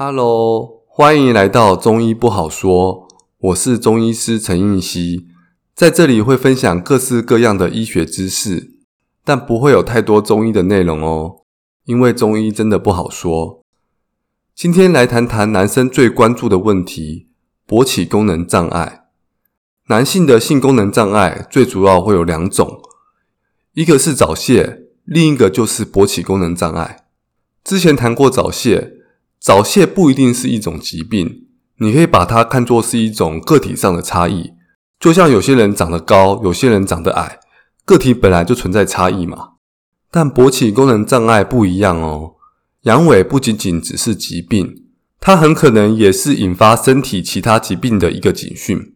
Hello，歡迎來到中醫不好說。我是中醫師陳應希，在這裡會分享各式各樣的醫學知識，但不會有太多中醫的內容哦，因為中醫真的不好說。今天來談談男生最關注的問題——勃起功能障礙。男性的性功能障礙最主要會有兩種，一個是早洩，另一個就是勃起功能障礙。之前談過早洩。早泄不一定是一種疾病，你可以把它看作是一種個體上的差異，就像有些人長得高，有些人長得矮，個體本來就存在差異嘛。但勃起功能障礙不一樣哦，陽痿不僅僅只是疾病，它很可能也是引發身體其他疾病的一個警訊。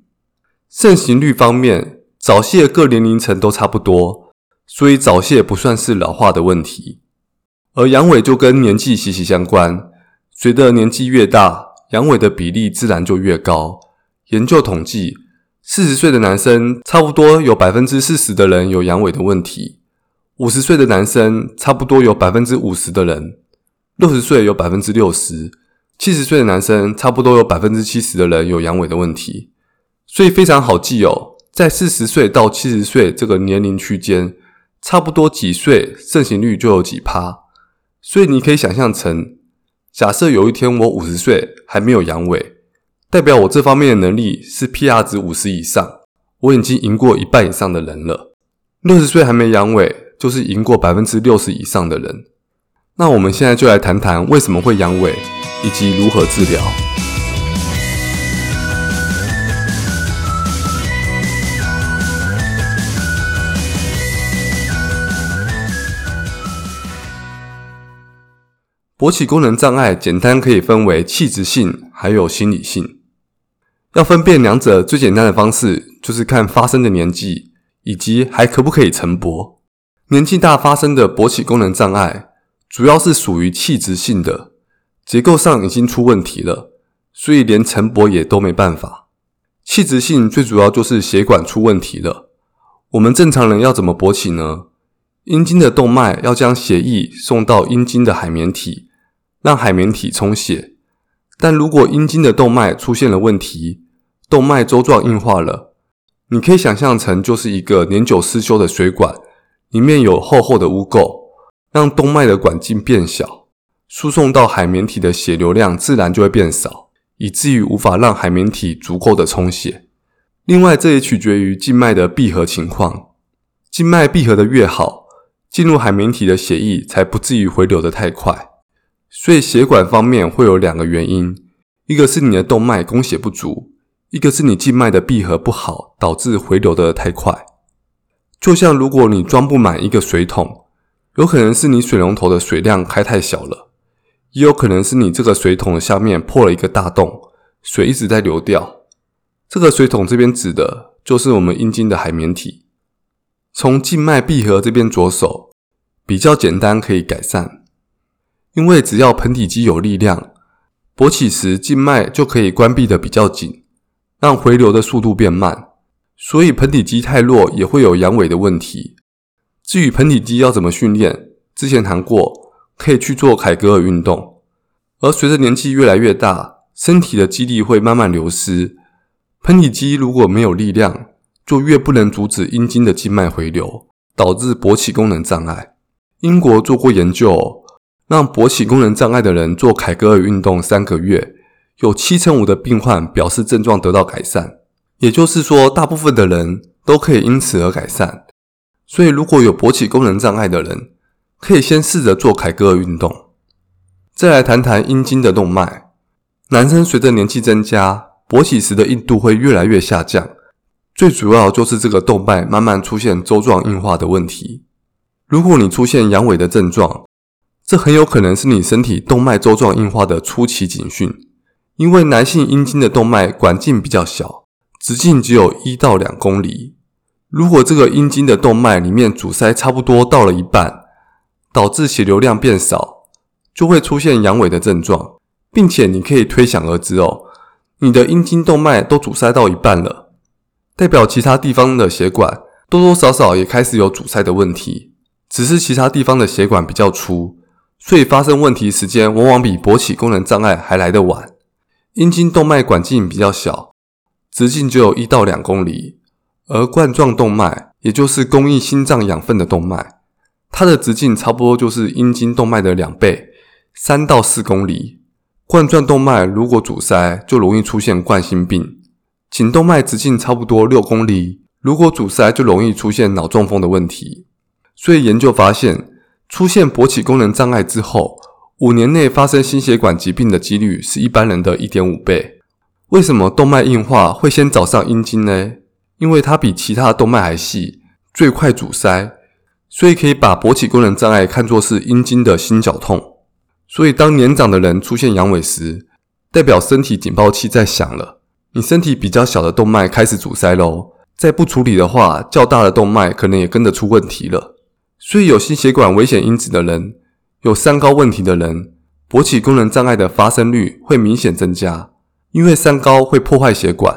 盛行率方面，早泄各年齡層都差不多，所以早泄不算是老化的問題，而陽痿就跟年紀息息相關。隨着年紀越大，陽痿的比例自然就越高。研究統計，四十歲的男生差不多有百分之四十的人有陽痿的問題；五十歲的男生差不多有百分之五十的人；六十歲有百分之六十；七十歲的男生差不多有百分之七十的人有陽痿的問題。所以非常好記哦，在四十歲到七十歲這個年齡區間，差不多幾歲盛行率就有幾趴。所以你可以想象成。假設有一天我五十歲還沒有陽痿，代表我這方面的能力是 PR 值五十以上，我已經贏過一半以上的人了。六十歲還沒陽痿，就是贏過百分之六十以上的人。那我們現在就來談談為什麼會陽痿，以及如何治療。勃起功能障礙簡單可以分為器質性還有心理性。要分辨兩者最簡單的方式就是看發生的年紀以及還可不可以晨勃。年紀大發生的勃起功能障礙主要是屬於器質性的，結構上已經出問題了，所以連晨勃也都沒辦法。器質性最主要就是血管出問題了。我們正常人要怎麼勃起呢？陰莖的動脈要將血液送到陰莖的海綿體。讓海綿體充血，但如果陰莖的動脈出現了問題，動脈粥狀硬化了，你可以想象成就是一個年久失修的水管，裡面有厚厚的污垢，讓動脈的管徑變小，輸送到海綿體的血流量自然就會變少，以至於無法讓海綿體足夠的充血。另外，這也取決於靜脈的閉合情況，靜脈閉合得越好，進入海綿體的血液才不至於回流得太快。所以血管方面會有兩個原因，一個是你的動脈供血不足，一個是你靜脈的閉合不好，導致回流得太快。就像如果你裝不滿一個水桶，有可能是你水龍頭的水量開太小了，也有可能是你這個水桶的下面破了一個大洞，水一直在流掉。這個水桶這邊指的就是我們陰莖的海綿體，從靜脈閉合這邊着手，比較簡單，可以改善。因為只要盆底肌有力量，勃起時靜脈就可以關閉得比較緊，讓回流的速度變慢。所以盆底肌太弱也會有陽痿的問題。至於盆底肌要怎麼訓練，之前談過，可以去做凱格爾運動。而隨着年紀越來越大，身體的肌力會慢慢流失，盆底肌如果沒有力量，就越不能阻止陰莖的靜脈回流，導致勃起功能障礙。英國做過研究。讓勃起功能障礙的人做凱格爾運動三個月，有七成五的病患表示症狀得到改善，也就是說，大部分的人都可以因此而改善。所以，如果有勃起功能障礙的人，可以先試着做凱格爾運動。再來談談陰莖的動脈，男生隨着年紀增加，勃起時的硬度會越來越下降，最主要就是這個動脈慢慢出現粥狀硬化的問題。如果你出現陽痿的症狀，這很有可能是你身體動脈粥狀硬化的初期警訊，因為男性陰莖的動脈管徑比較小，直徑只有一到兩公厘。如果這個陰莖的動脈裡面阻塞差不多到了一半，導致血流量變少，就會出現陽痿的症狀。並且你可以推想而知哦，你的陰莖動脈都阻塞到一半了，代表其他地方的血管多多少少也開始有阻塞的問題，只是其他地方的血管比較粗。所以發生問題時間往往比勃起功能障礙還來得晚。陰莖動脈管徑比較小，直徑就有一到兩公里，而冠狀動脈，也就是供應心臟養分的動脈，它的直徑差不多就是陰莖動脈的兩倍，三到四公里。冠狀動脈如果阻塞，就容易出現冠心病。頸動脈直徑差不多六公里，如果阻塞，就容易出現腦中風的問題。所以研究發現。出現勃起功能障礙之後，五年內發生心血管疾病的幾率是一般人的一點五倍。為什麼動脈硬化會先找上陰莖呢？因為它比其他的動脈還細，最快阻塞，所以可以把勃起功能障礙看作是陰莖的心絞痛。所以，當年長的人出現陽痿時，代表身體警報器在響了，你身體比較小的動脈開始阻塞嘍。再不處理的話，較大的動脈可能也跟着出問題了。所以，有心血管危險因子的人，有三高問題的人，勃起功能障礙的發生率會明顯增加。因為三高會破壞血管。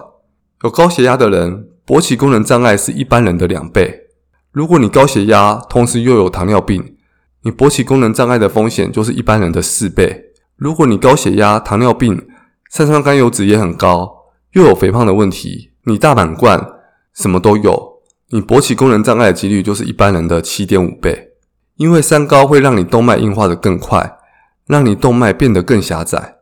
有高血壓的人，勃起功能障礙是一般人的兩倍。如果你高血壓，同時又有糖尿病，你勃起功能障礙的風險就是一般人的四倍。如果你高血壓、糖尿病、三酸甘油酯也很高，又有肥胖的問題，你大滿貫，什麼都有。你勃起功能障礙的幾率就是一般人的七點五倍，因為三高會讓你動脈硬化得更快，讓你動脈變得更狹窄，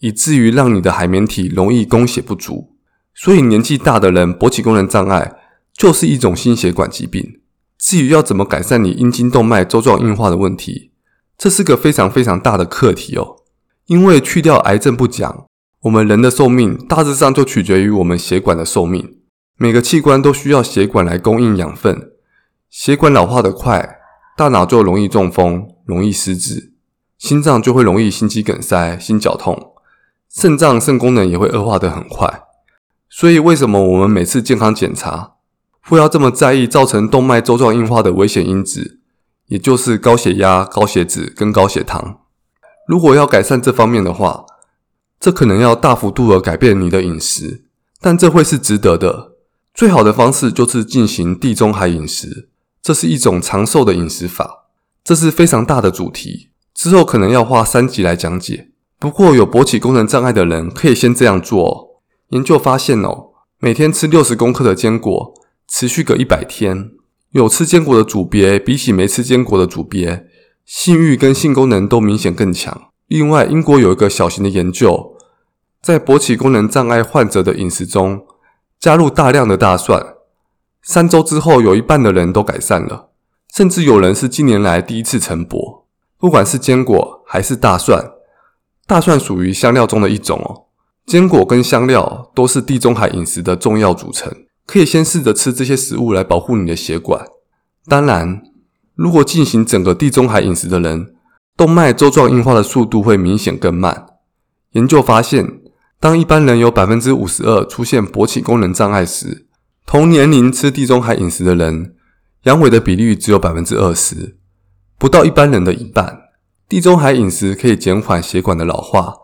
以至於讓你的海綿體容易供血不足。所以年紀大的人勃起功能障礙就是一種心血管疾病。至於要怎麼改善你陰莖動脈粥狀硬化的問題，這是個非常非常大的課題哦。因為去掉癌症不講，我們人的壽命大致上就取決於我們血管的壽命。每個器官都需要血管來供應養分，血管老化的快，大腦就容易中風，容易失智；心臟就會容易心肌梗塞、心絞痛；腎臟腎功能也會惡化的很快。所以，為什麼我們每次健康檢查不要這麼在意造成動脈粥狀硬化的危險因子，也就是高血壓、高血脂跟高血糖？如果要改善這方面的話，這可能要大幅度的改變你的飲食，但這會是值得的。最好的方式就是進行地中海飲食，這是一種長壽的飲食法。這是非常大的主題，之後可能要花三集來講解。不過，有勃起功能障礙的人可以先這樣做喔。研究發現哦喔，每天吃六十公克的堅果，持續個一百天，有吃堅果的組別比起沒吃堅果的組別，性欲跟性功能都明顯更強。另外，英國有一個小型的研究，在勃起功能障礙患者的飲食中，加入大量的大蒜，三週之後，有一半的人都改善了，甚至有人是近年來第一次晨勃。不管是堅果還是大蒜，大蒜屬於香料中的一種哦。堅果跟香料都是地中海飲食的重要組成，可以先試着吃這些食物來保護你的血管。當然，如果進行整個地中海飲食的人，動脈粥狀硬化的速度會明顯更慢。研究發現。當一般人有百分之五十二出現勃起功能障礙時，同年齡吃地中海飲食的人，陽痿的比例只有百分之二十，不到一般人的一半。地中海飲食可以減緩血管的老化，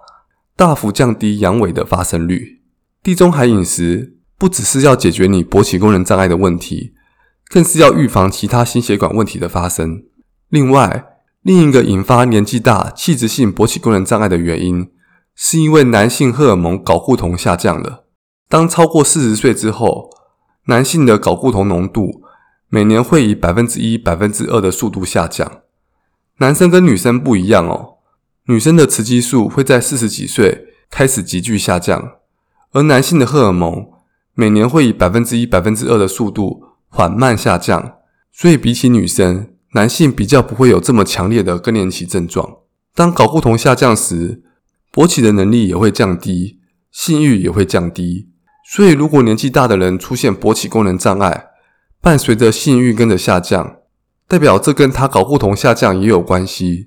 大幅降低陽痿的發生率。地中海飲食不只是要解決你勃起功能障礙的問題，更是要預防其他心血管問題的發生。另外，另一個引發年紀大、器質性勃起功能障礙的原因，是因為男性荷爾蒙睾固酮下降了。當超過四十歲之後，男性的睾固酮濃度每年會以百分之一、百分之二的速度下降。男生跟女生不一樣哦，女生的雌激素會在四十幾歲開始急劇下降，而男性的荷爾蒙每年會以百分之一、百分之二的速度緩慢下降。所以比起女生，男性比較不會有這麼強烈的更年期症狀。當睾固酮下降時，勃起的能力也會降低，性欲也會降低。所以，如果年紀大的人出現勃起功能障礙，伴隨着性欲跟着下降，代表這跟他睾固酮下降也有關係。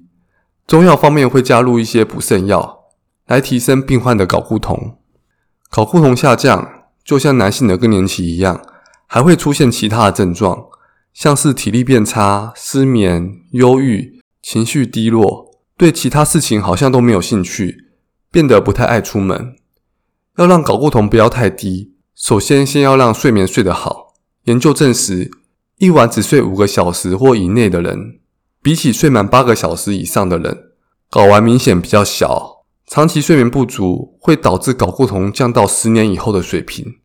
中藥方面會加入一些補腎藥，來提升病患的睾固酮。睾固酮下降就像男性的更年期一樣，還會出現其他的症狀，像是體力變差、失眠、憂鬱、情緒低落，對其他事情好像都沒有興趣。變得不太愛出門。要讓睾固酮不要太低，首先先要讓睡眠睡得好。研究證實，一晚只睡五個小時或以內的人，比起睡滿八個小時以上的人，睾丸明顯比較小。長期睡眠不足會導致睾固酮降到十年以後的水平。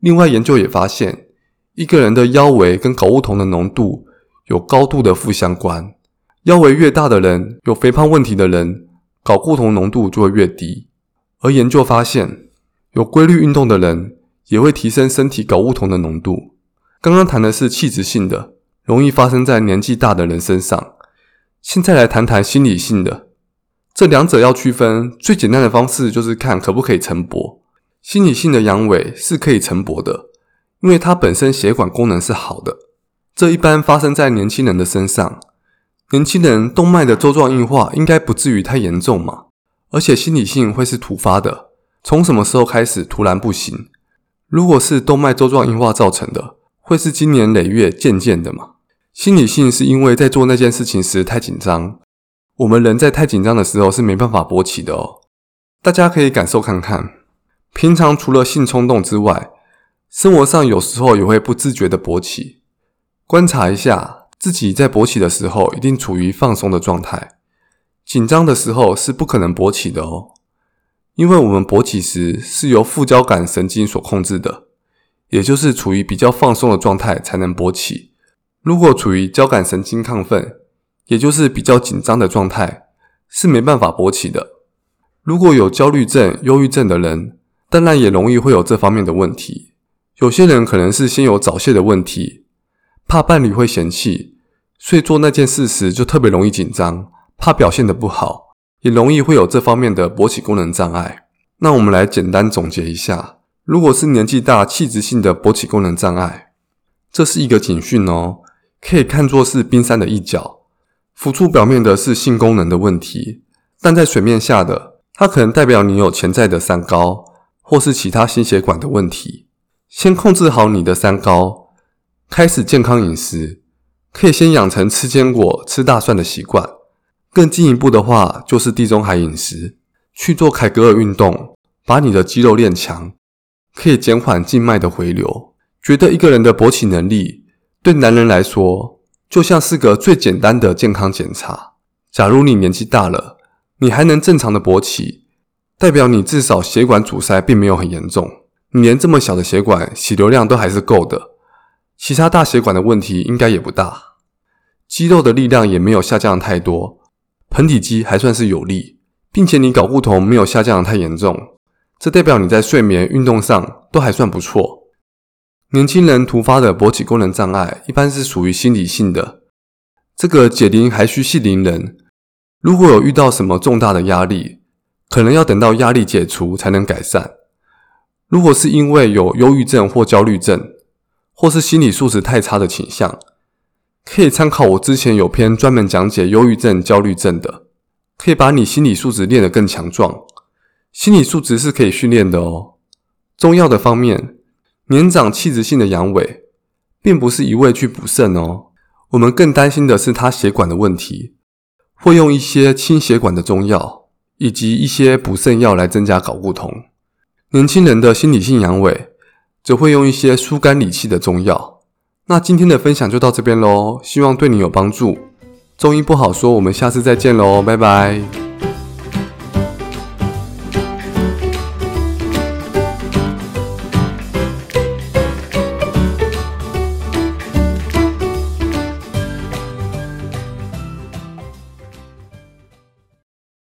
另外，研究也發現，一個人的腰圍跟睾固酮的濃度有高度的負相關，腰圍越大的人，有肥胖問題的人，睾固酮濃度就會越低，而研究發現，有規律運動的人也會提升身體睾固酮的濃度。剛剛談的是器質性的，容易發生在年紀大的人身上。現在來談談心理性的，這兩者要區分，最簡單的方式就是看可不可以晨勃。心理性的陽痿是可以晨勃的，因為它本身血管功能是好的，這一般發生在年輕人的身上。年輕人動脈的粥狀硬化應該不至於太嚴重嘛？而且心理性會是突發的，從什麼時候開始突然不行？如果是動脈粥狀硬化造成的，會是經年累月漸漸的嘛？心理性是因為在做那件事情時太緊張，我們人在太緊張的時候是沒辦法勃起的哦。大家可以感受看看，平常除了性衝動之外，生活上有時候也會不自覺的勃起，觀察一下。自己在勃起的時候一定處於放鬆的狀態，緊張的時候是不可能勃起的哦。因為我們勃起時是由副交感神經所控制的，也就是處於比較放鬆的狀態才能勃起。如果處於交感神經亢奮，也就是比較緊張的狀態，是沒辦法勃起的。如果有焦慮症、憂鬱症的人，當然也容易會有這方面的問題。有些人可能是先有早洩的問題，怕伴侶會嫌棄。所以做那件事時就特別容易緊張，怕表現得不好，也容易會有這方面的勃起功能障礙。那我們來簡單總結一下：如果是年紀大、器質性的勃起功能障礙，這是一個警訊哦，可以看作是冰山的一角，浮出表面的是性功能的問題，但在水面下的它可能代表你有潛在的三高或是其他心血管的問題。先控制好你的三高，開始健康飲食。可以先養成吃堅果、吃大蒜的習慣，更進一步的話就是地中海飲食，去做凱格爾運動，把你的肌肉練強，可以減緩靜脈的回流。覺得一個人的勃起能力，對男人來說就像是個最簡單的健康檢查。假如你年紀大了，你還能正常的勃起，代表你至少血管阻塞並沒有很嚴重，你連這麼小的血管血流量都還是夠的。其他大血管的問題應該也不大，肌肉的力量也沒有下降太多，盆底肌還算是有力，並且你睪固酮沒有下降太嚴重，這代表你在睡眠、運動上都還算不錯。年輕人突發的勃起功能障礙一般是屬於心理性的，這個解鈴還須繫鈴人。如果有遇到什麼重大的壓力，可能要等到壓力解除才能改善。如果是因為有憂鬱症或焦慮症，或是心理素質太差的傾向，可以參考我之前有篇專門講解憂鬱症、焦慮症的，可以把你心理素質練得更強壯。心理素質是可以訓練的哦。中藥的方面，年長器質性的陽痿，並不是一味去補腎哦，我們更擔心的是他血管的問題，會用一些清血管的中藥，以及一些補腎藥來增加睾固酮。年輕人的心理性陽痿。則會用一些疏肝理氣的中藥。那今天的分享就到這邊嘍，希望對你有幫助。中醫不好說，我們下次再見嘍，拜拜。